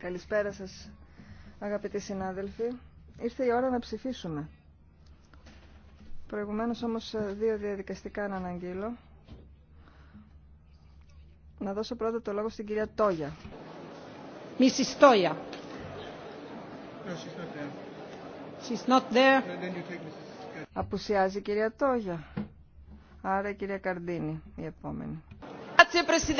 Καλησπέρα σας, αγαπητοί συνάδελφοι. Ήρθε η ώρα να ψηφίσουμε. Προηγουμένως όμως ε, δύο διαδικαστικά να αναγγείλω. Να δώσω πρώτα το λόγο στην κυρία Τόγια. Mrs. she's not there. η κυρία Τόγια. Άρα η κυρία Καρδίνη η επόμενη. Grazie Presidente.